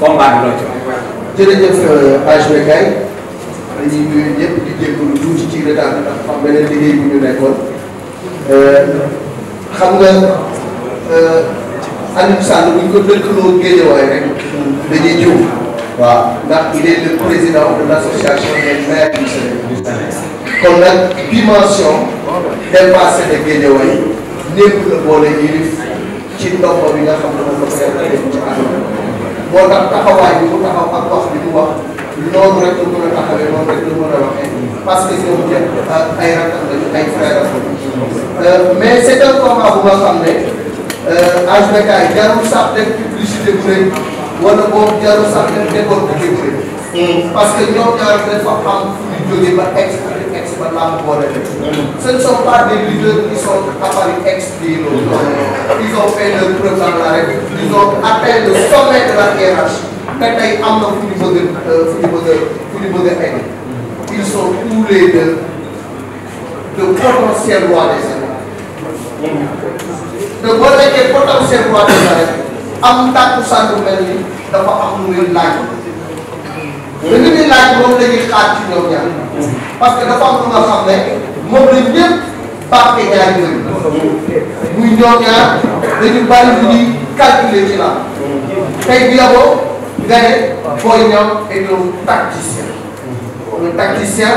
combat bi loo ci wax. jërëjëf Hadj Bekkay dañuy nuyu ñëpp di jégalu tuuti ci retard bi ndax am beneen liggéey bu ñu nekkoon euh, xam nga euh, Alioune Sall bu ñu ko dëkkaloo Guédiawaye rek dañuy jiw. waaw ndax il est de l'association des maires du Sénégal. kon ci ndombo bi nga xam ne moom la ko yàlla def ci àdduna moo tax taxawaay bi mu taxaw ak wax bi mu wax noonu rek la mën a taxawee noonu rek la mën a waxee parce que ñoom ñëpp euh, ay rakkam lañu ay frère euh, mais c'est un combat bu nga xam ne HBK euh, jarul sax def publicité bu rëy wala boobu jarul sax def décortiqué bu rëy mm. parce que ñoom ñaar dafa am fu ñu jógee ba extra ba làmb boole leen. ce ne sont pas des leaders qui sont capables d'expliquer loolu. ils ont fait leur preuve dans la République. ils ont atteint le sommet de la hiérarchie. te tey am na fu ñu bëgg a euh, fu ñu bëgg a fu ñu bëgg a egg. ils sont tous les deux de potentiels rois des Sénégal. te boo nekkee potentiel roi des Sénégal am tàkku sànq mel ni dafa am lu muy laaj. li ñu leen laaj moom la ñuy xaar ci ñoom ñaar parce que dafa am lu nga xam ne moom la ñëpp bàqe ñaar yooyu muy ñoom ñaar dañu bari lu ñuy calculer ci la tey bi yaboo nga ne booy ñoom et ñoom tacticien le tacticien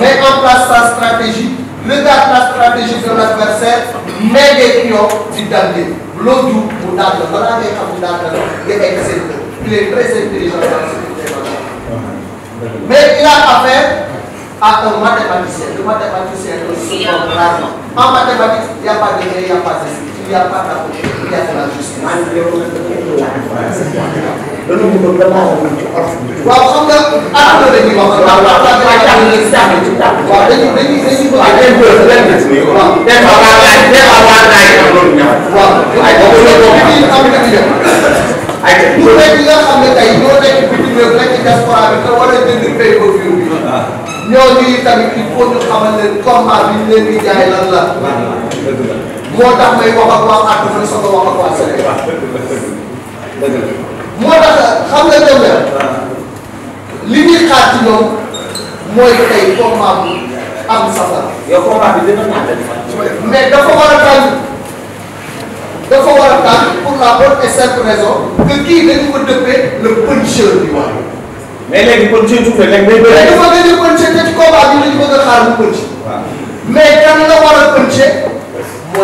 met en place sa stratégie regarde la stratégie de l'adversaire mais des pions di dàndee loo jug mu dànd balaa ngay xam mu dànd la nga egg seen il est très intelligent dans ce Mais il a affaire à un mathématicien. Le mathématicien ne se trompe rarement. En mathématiques, il n'y a pas de il n'y a pas de il n'y a pas d'apogée, il n'y a pas de justice. waaw xam nga am na la ñuy wax. waaw waaw waaw waaw waaw dañuy dañuy dañuy moo tax may wax ak waa àdduna ni soog a wax ak waa moo tax xam nga dem la li ñuy xaar ci ñoom mooy tey am safar yow combat bi dina naan mais dafa war a tànn dafa war a tànn pour la bonne et simple raison que kii dañu le puncheur du mois mais léegi puncheur tuuti rek day bëri dafa mel ni puncheur te ci combat bi war a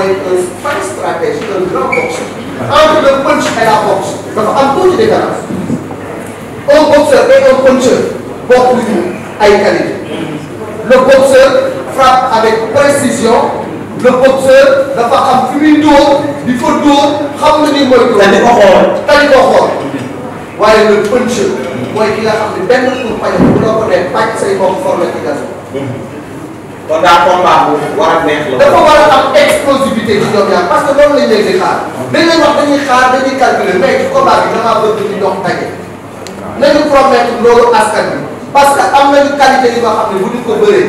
mooy un fin stratège un grand boxeur. punch et la boxe dafa am tuuti différence. un boxeur et un puncheur bokkuñu ay qualité. le boxeur frappe avec précision. le boxeur dafa am fi muy dóor di fa dóor mooy dóor. tali ko xool tali ko mooy ki nga xam ne benn pour pañe bu loo ko dee pàcc say bopp formé ci gaz kon daa combat bu war a neex la. dafa war a am explosivité ci ñoom ñaar parce que xaar. dañ leen wax dañuy xaar dañuy calculer mais ci combat bi damaa bëgg di dox tàgge. nañu promettre loolu askan bi parce que am nañu qualité yi nga ne bu ñu ko bëree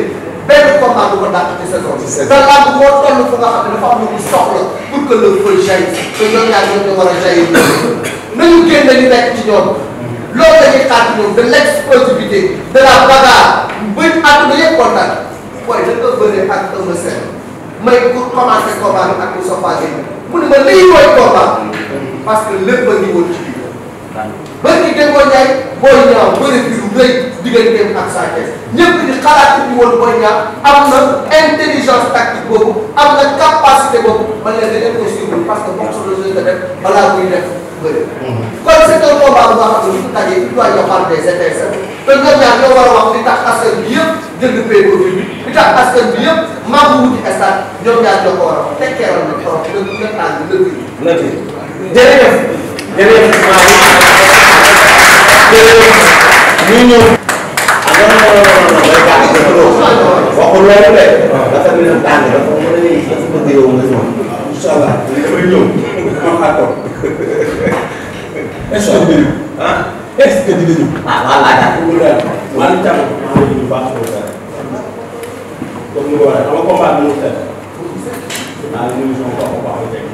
benn bi. c' est vrai te boo toll fu nga xam ne dafa am lu ñu soxla pour que le feu jaillisse te ñoom ñaar ñoom ñu war a jaillir nañu génn ñu nekk ci ñoom loolu la ñuy xaar ci ñoom de l' explosivité de la bagarre ba àdduna yëpp kontaan. booy dafa bëre ak Eumeu Sène may pour commencer combat bi ak Moustapha Gueye mu ne ma lii mooy combat parce que lépp a ngi woon ci biir ba ñu déggoo ñaay booy ñaaw bëri bi lu rëy digganteem ak Sa Thiès ñëpp di xalaat ñu woon booy ñaaw am na intelligence tactique boobu am na capacité boobu man leen di def ko suivre parce que boxe le jeu de def balaa muy def bëri kon c'est un combat bu nga xam ne bu tajee il doit y avoir des intérêts te ñoom ñaar ñoo war a wax li tax askan bi yëpp jënd pay li tax askan bi yëpp maa ngi wuti stade ñoom ñaar ñoo ko war a tekkee woon nañu trop nga nga tànn lëkk yi. lëkk yi jërëjëf. jërëjëf maa ngi jërëjëf ñu ñëw. ah non non non non mooy tànn dafa doon waxul loolu de. dafa mel ni tànn dafa mën a yéex dafa bëgg yow nga ñëw. incha allah damay ñëw ma xaar ko. est-ce que dinañu. ah est-ce que dinañu. ah voilà. wala tànn maa ngi ñu baax ko war a xam nga combat bi mu tëdd naa nuyu sama baax a baax teg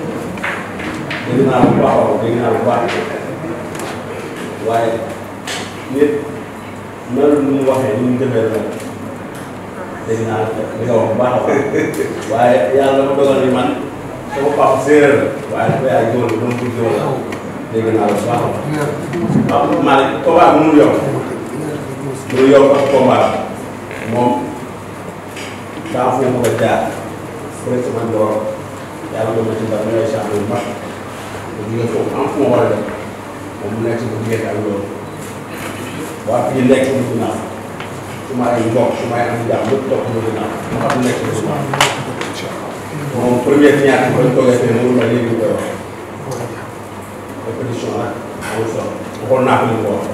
dégg naa bu baax a dégg naa bu baax waaye nit melu nu mu waxee ni mu defee la dégg naa la li nga wax bu baax a baax waaye yàlla dafa dogal ni man sama papa séeréer la waaye dafa yaay góor bu mu góor la dégg naa la bu baax a baax waaw maa ne combat bi mu yokk mu yokk ak combat moom temps foofu ma ko jaar fële ca man door yàlla doon na ci ndax ñooy champion bu mag bu jugee foofu am fu ma war a dem moom mu nekk bu jugee ak loolu waa fii nekk mu fi naan su ma ay mbokk su ma ay am jàmm lépp topp mu fi naan mu xam nekk mu fi naan moom première ñaar bi bañ toogee fii moom la léegi ñu koy wax répétition la amul solo waxoon naa ko li mu ko wax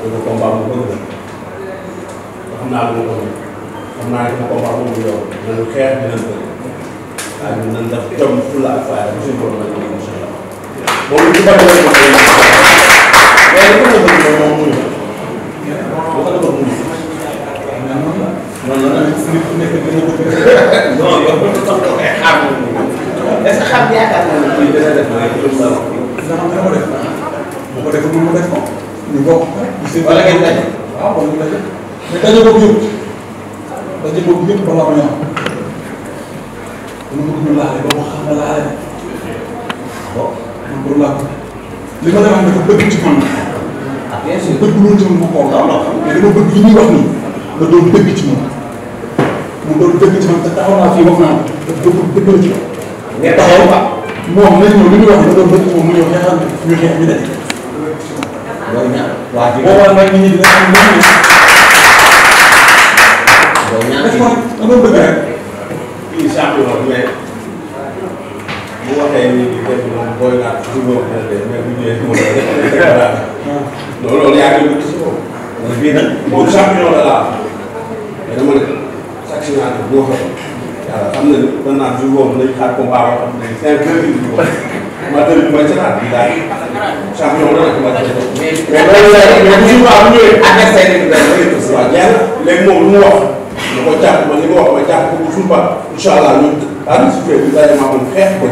loolu combat bu bëgg la xam naa lu mu ko xam naa ne combat bu mu yor dinañ xeex dinañ bëri waaye dinañ def jom fulla ak fayda bu suñu borom la ñu incha allah loolu ci bëri la ñu koy mais li ko bëgg moom moom mënu ko ko ko mënu non non nit ku nekk dina ko non yow bu ñu toog koy xaar moom est-ce que xam yaakaar naa ne kii dina def waaye loolu laa wax dina xam dina ko def bu ko defee mënu ko def ko ñu bokk ko wala ngeen daje waaw wala ñu daje mais dañoo ko yóbbu parce que boobu ñëpp balaa ma ñor dama bëgg ñu laale ba ma xam ne laale bon man loolu laa li ma lay wax dafa bëgg ci man. Ah, bien sûr bëgg loolu ci man ma xool. waaw mais dama bëgg li ñuy wax nii nga doon dëgg ci man mu doon dëgg ci man te taxaw naa fii wax naa ko dafa bëgg dëgg ci man. mais taxaw ba moom nañ ñëw li ñuy wax nga doon dëgg ci moom mu ñëw xeexal ñu xeex ñu def. loolu ñaar waa ji boo waral nag nit ñi dina am yow ñaata yi dama bëgg rek kii champion mais bu waxee nii di def moom booy naat si moom mais bu ñëwee moom loolu loolu yaa ngi gis ko man bii nag moom champion la laa mais dama ne chaque jour bu waxee yàlla xam na ne mën naa jour boobu nañ xaar combat ba xam ne cinq heures yi ko ma tëdd ma ca naat bi daal champion la nag ma ca mais loolu la ñu bu ñëwee adversaire bi daal léegi moom lu mu wax mooy jàpp ma li ma wax mooy jàpp ko bu suul ba incha allah ñun daanaka su fekkee vraiment moom xeex ko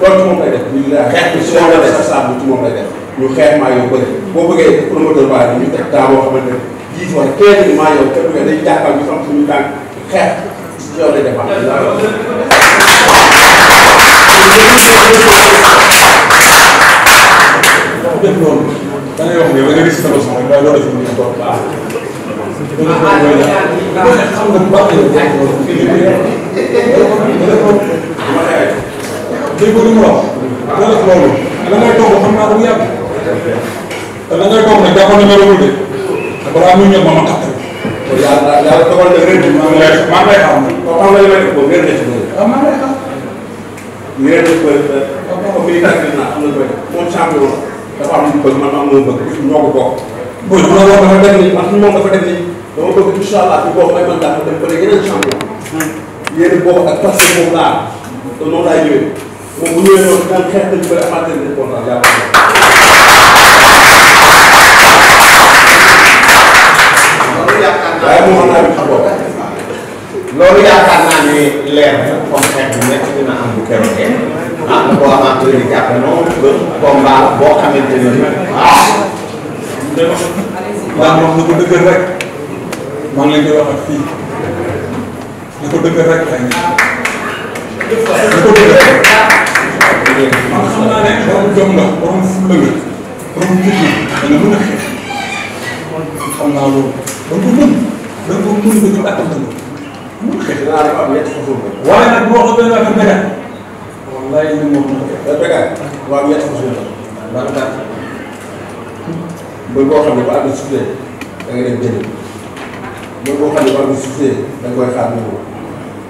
loolu ci moom lay def ñu ngi xeex bi ci moom lay def saabu ci moom lay def ñu xeex maa yow bëri boo bëggee promoteur baa yi ñu teg taa boo xamante ne dix wala quinze mille maa yow kenn dañuy jàppal ñu xam suñu tànk xeex ci yow lay def def noonu da ngay wax ne da nga gis sama sama waaye loolu dafa ñu toog xam nga bu baax la ngay toog xam naa ko bu yàgg te la ngay toog nag jàppoon na nga doon de balaa muy ñëw ma ma tax yàlla yàlla dogal na réer bi maa ngi lay maa ngi lay xam maa ngi lay ko réer na ci loolu. waaw maa ngi lay xam. réer na ci loolu. waaw muy tàggat naa am na doy. moom champion dafa am lu bëgg man ma am lu bëgg ñoo ko bokk. booy bi ma wax dafa def nii man moom dafa def nii. dama bëgg incha allah fi boobu may mën daal dem ba yeneen champion yéen boobu ak parce que moom laa te noonu laa ñëwee moom bu ñëwee noonu daan xeex dañu bëri amaat nañu kontaan yaakaar waaye moom naa ñu xamoo loolu yaakaar naa ne leer na comme xeex bu nekk dina am bu keroog ah boo xamante ne jàpp noonu ba combat boo xamante ne ah. ndax moom lu ko dëgër rek. maa ngi leen di wax ak fii li ko dëggal rek ay li ko dëggal rek. man xam naa ne borom jom nga borom fulla nga borom jikko dana mën a xeex xam naa loolu da nga ko mën da nga ko mën ba ñu attan ko mën xeex. dinaa def am ñetti façon la. waaye nag boo ko benn ak béykat. wallaay ñun moom la ko def. da béykat waaw ñetti façon la. daanaka mbër boo xam ne ba àgg suuf da nga def jënd. loolu boo xam ne bu amee da koy xaar mu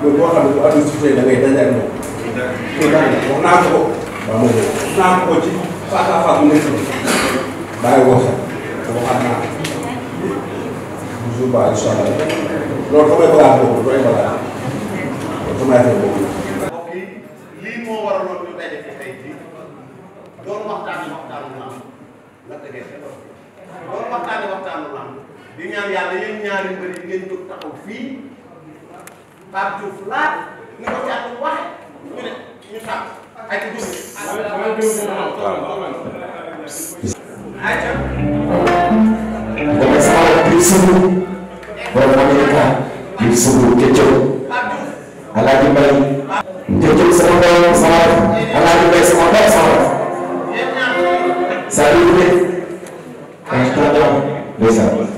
loolu boo xam ne bu amee da ngay daje ak moom. loolu daal la wax naa ko. waaw moom naa ko ci face à face mu nekk nii. bàyyi woo xel te waxaat naa ko. toujours ba incha allah loolu damay bëgg a am boobu damay bëgg a am loolu damay affaire boobu la. mbokk yi lii moo waraloon ñu daje fi tey jii doon waxtaan waxtaanu lamb la ko defee doon waxtaan waxtaanu lamb. di ñaan yàlla yéen ñaari mbër yi ngeen jóg taxaw fii Pape Diouf laaj ni ko jàll waxe ñu ne ñu tàmm ay ci dugg Bismillah borom Amerika Bismillah Kétiop Alaaji Mbay Kétiop sama doom sama Alaaji Mbay sama doom sama saa